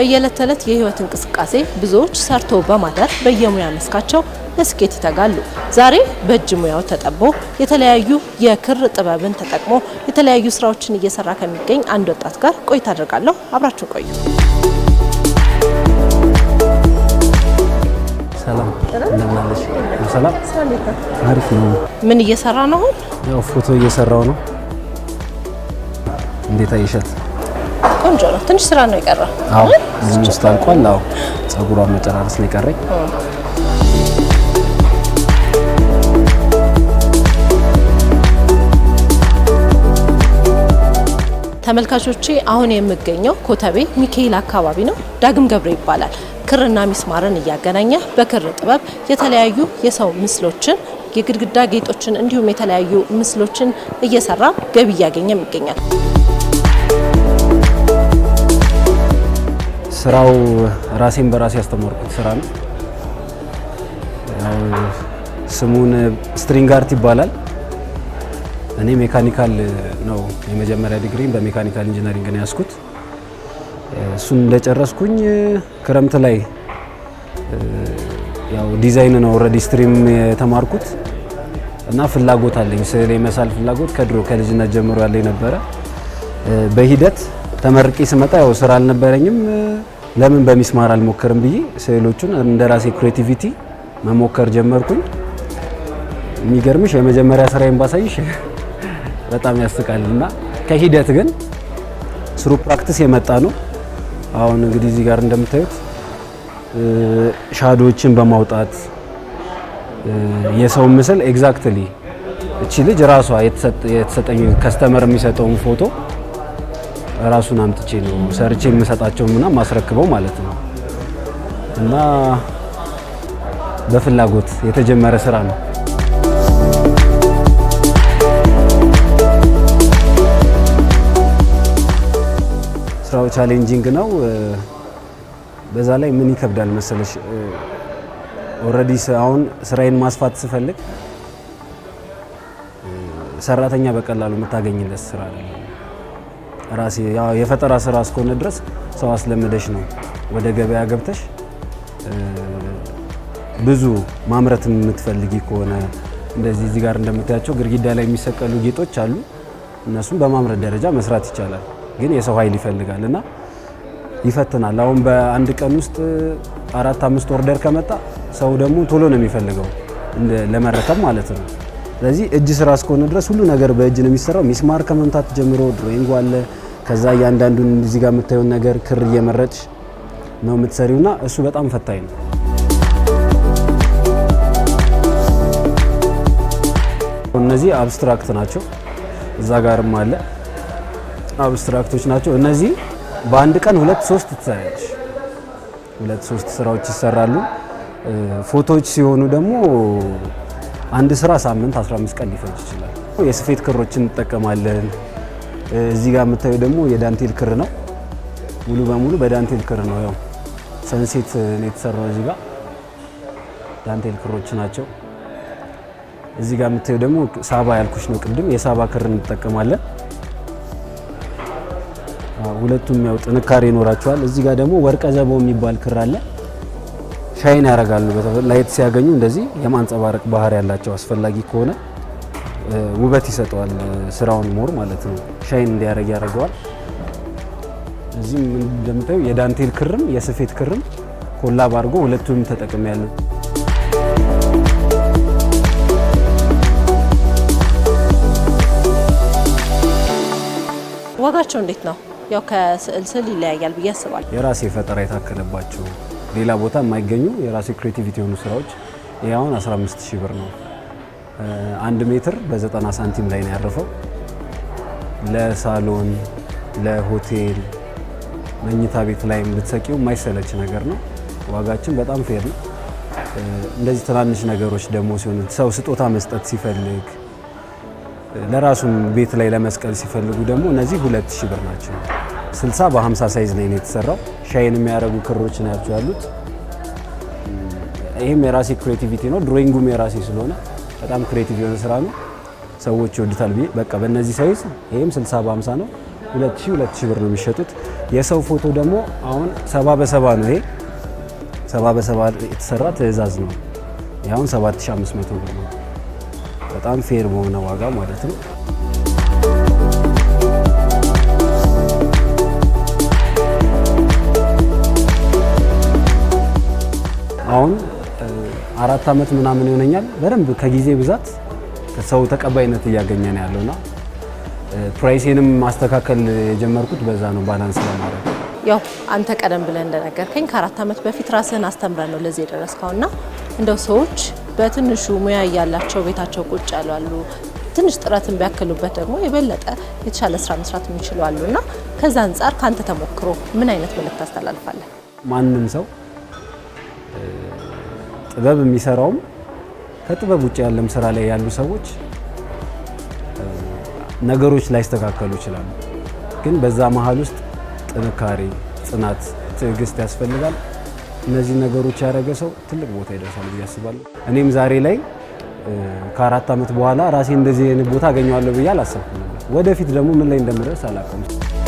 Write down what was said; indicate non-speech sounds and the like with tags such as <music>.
በየዕለት ተዕለት የህይወት እንቅስቃሴ ብዙዎች ሰርቶ በማደር በየሙያ መስካቸው ለስኬት ይተጋሉ። ዛሬ በእጅ ሙያው ተጠቦ የተለያዩ የክር ጥበብን ተጠቅሞ የተለያዩ ስራዎችን እየሰራ ከሚገኝ አንድ ወጣት ጋር ቆይታ አድርጋለሁ። አብራችሁ ቆዩ። አሪፍ ነው። ምን እየሰራ ነው? ያው ፎቶ እየሰራው ነው። እንዴት አይሸት ቆንጆ ነው። ትንሽ ስራ ነው የቀረ። አዎ ዝምስት አልቋል። አዎ ጸጉሯን መጨራረስ ነው የቀረኝ። ተመልካቾቼ አሁን የምገኘው ኮተቤ ሚካኤል አካባቢ ነው። ዳግም ገብረ ይባላል። ክርና ሚስማርን እያገናኘ በክር ጥበብ የተለያዩ የሰው ምስሎችን የግድግዳ ጌጦችን እንዲሁም የተለያዩ ምስሎችን እየሰራ ገቢ እያገኘም ይገኛል። ስራው ራሴን በራሴ ያስተማርኩት ስራ ነው። ስሙን ስትሪንግ አርት ይባላል። እኔ ሜካኒካል ነው የመጀመሪያ ዲግሪን በሜካኒካል ኢንጂነሪንግ ነው ያስኩት። እሱን እንደጨረስኩኝ ክረምት ላይ ያው ዲዛይን ነው ኦልሬዲ ስትሪም የተማርኩት እና ፍላጎት አለኝ ስዕል የመሳል ፍላጎት ከድሮ ከልጅነት ጀምሮ ያለኝ ነበረ በሂደት ተመርቄ ስመጣ ያው ስራ አልነበረኝም። ለምን በሚስማር አልሞከርም ብዬ ስዕሎቹን እንደ ራሴ ክሬቲቪቲ መሞከር ጀመርኩኝ። የሚገርምሽ የመጀመሪያ ስራዬን ባሳይሽ <laughs> በጣም ያስቃል እና ከሂደት ግን ስሩ ፕራክቲስ የመጣ ነው። አሁን እንግዲህ እዚህ ጋር እንደምታዩት ሻዶዎችን በማውጣት የሰው ምስል ኤግዛክትሊ እቺ ልጅ ራሷ የተሰጠኝ ከስተመር የሚሰጠውን ፎቶ ራሱን አምጥቼ ነው ሰርቼ የምሰጣቸው ምና ማስረክበው ማለት ነው። እና በፍላጎት የተጀመረ ስራ ነው። ስራው ቻሌንጂንግ ነው። በዛ ላይ ምን ይከብዳል መሰለሽ ኦልሬዲ አሁን ስራዬን ማስፋት ስፈልግ ሰራተኛ በቀላሉ የምታገኝለት ስራ አይደለም። ራሴ የፈጠራ ስራ እስከሆነ ድረስ ሰው አስለምደሽ ነው ወደ ገበያ ገብተሽ ብዙ ማምረት የምትፈልጊ ከሆነ እንደዚህ እዚህ ጋር እንደምታያቸው ግድግዳ ላይ የሚሰቀሉ ጌጦች አሉ። እነሱም በማምረት ደረጃ መስራት ይቻላል፣ ግን የሰው ኃይል ይፈልጋል እና ይፈትናል። አሁን በአንድ ቀን ውስጥ አራት አምስት ኦርደር ከመጣ ሰው ደግሞ ቶሎ ነው የሚፈልገው ለመረከብ ማለት ነው። ስለዚህ እጅ ስራ እስከሆነ ድረስ ሁሉ ነገር በእጅ ነው የሚሰራው። ሚስማር ከመምታት ጀምሮ ድሮይንግ አለ። ከዛ እያንዳንዱን እዚህ ጋር የምታየውን ነገር ክር እየመረጥሽ ነው የምትሰሪውና እሱ በጣም ፈታኝ ነው። እነዚህ አብስትራክት ናቸው። እዛ ጋርም አለ አብስትራክቶች ናቸው። እነዚህ በአንድ ቀን ሁለት ሶስት ትሰራለች። ሁለት ሶስት ስራዎች ይሰራሉ። ፎቶዎች ሲሆኑ ደግሞ አንድ ስራ ሳምንት 15 ቀን ሊፈጅ ይችላል። የስፌት ክሮችን እንጠቀማለን። እዚህ ጋር የምታዩ ደግሞ የዳንቴል ክር ነው። ሙሉ በሙሉ በዳንቴል ክር ነው። ያው ሰንሴት ነው የተሰራው። እዚህ ጋር ዳንቴል ክሮች ናቸው። እዚህ ጋር የምታዩ ደግሞ ሳባ ያልኩሽ ነው ቅድም፣ የሳባ ክር እንጠቀማለን። ሁለቱም ያው ጥንካሬ ይኖራቸዋል። እዚህ ጋር ደግሞ ወርቀ ዘቦ የሚባል ክር አለ። ሻይን ያደርጋሉ። ላይት ሲያገኙ እንደዚህ የማንጸባረቅ ባህሪ ያላቸው አስፈላጊ ከሆነ ውበት ይሰጠዋል። ስራውን ሞር ማለት ነው ሻይን እንዲያደርግ ያደርገዋል። እዚህም እንደምታዩ የዳንቴል ክርም የስፌት ክርም ኮላብ አድርጎ ሁለቱንም ተጠቅም ያለን ዋጋቸው እንዴት ነው? ያው ከስዕል ስዕል ይለያያል ብዬ አስባለሁ። የራሴ ፈጠራ የታከለባቸው ሌላ ቦታ የማይገኙ የራሴ ክሬቲቪቲ የሆኑ ስራዎች። ይህ አሁን 15 ሺህ ብር ነው። አንድ ሜትር በ90 ሳንቲም ላይ ነው ያረፈው። ለሳሎን ለሆቴል መኝታ ቤት ላይ ብትሰቂው የማይሰለች ነገር ነው። ዋጋችን በጣም ፌር ነው። እንደዚህ ትናንሽ ነገሮች ደግሞ ሲሆኑ ሰው ስጦታ መስጠት ሲፈልግ ለራሱም ቤት ላይ ለመስቀል ሲፈልጉ ደግሞ እነዚህ ሁለት ሺህ ብር ናቸው። 60 በ50 ሳይዝ ነው የተሰራው። ሻይን የሚያደርጉ ክሮች ናቸው ያሉት። ይህም የራሴ ክሬቲቪቲ ነው። ድሮይንጉም የራሴ ስለሆነ በጣም ክሬቲቭ የሆነ ስራ ነው። ሰዎች ይወዱታል ብዬ በቃ በእነዚህ ሳይዝ ይህም 60 በ50 ነው። 2000 2000 ብር ነው የሚሸጡት። የሰው ፎቶ ደግሞ አሁን 70 በ70 ነው። ይሄ 70 በ70 የተሰራ ትዕዛዝ ነው። ይሄ አሁን 7500 ብር ነው። በጣም ፌር በሆነ ዋጋ ማለት ነው። አራት ዓመት ምናምን ይሆነኛል። በደንብ ከጊዜ ብዛት ሰው ተቀባይነት እያገኘ ነው ያለውና ፕራይሴንም ማስተካከል የጀመርኩት በዛ ነው፣ ባላንስ ለማድረግ ያው አንተ ቀደም ብለን እንደነገርከኝ ከአራት ዓመት በፊት ራስህን አስተምረ ነው ለዚህ የደረስከውና እንደው ሰዎች በትንሹ ሙያ እያላቸው ቤታቸው ቁጭ ያላሉ ትንሽ ጥረትን ቢያክሉበት ደግሞ የበለጠ የተሻለ ስራ መስራት የሚችሉ አሉ ና ከዛ አንጻር ከአንተ ተሞክሮ ምን አይነት መልእክት ታስተላልፋለህ? ማንም ሰው ጥበብ የሚሰራውም ከጥበብ ውጭ ያለም ስራ ላይ ያሉ ሰዎች ነገሮች ላይስተካከሉ ይችላሉ። ግን በዛ መሀል ውስጥ ጥንካሬ፣ ጽናት፣ ትዕግስት ያስፈልጋል። እነዚህ ነገሮች ያደረገ ሰው ትልቅ ቦታ ይደርሳል ብዬ አስባለሁ። እኔም ዛሬ ላይ ከአራት ዓመት በኋላ ራሴ እንደዚህ አይነት ቦታ አገኘዋለሁ ብዬ አላሰብኩም ነበር። ወደፊት ደግሞ ምን ላይ እንደምደርስ አላውቅም።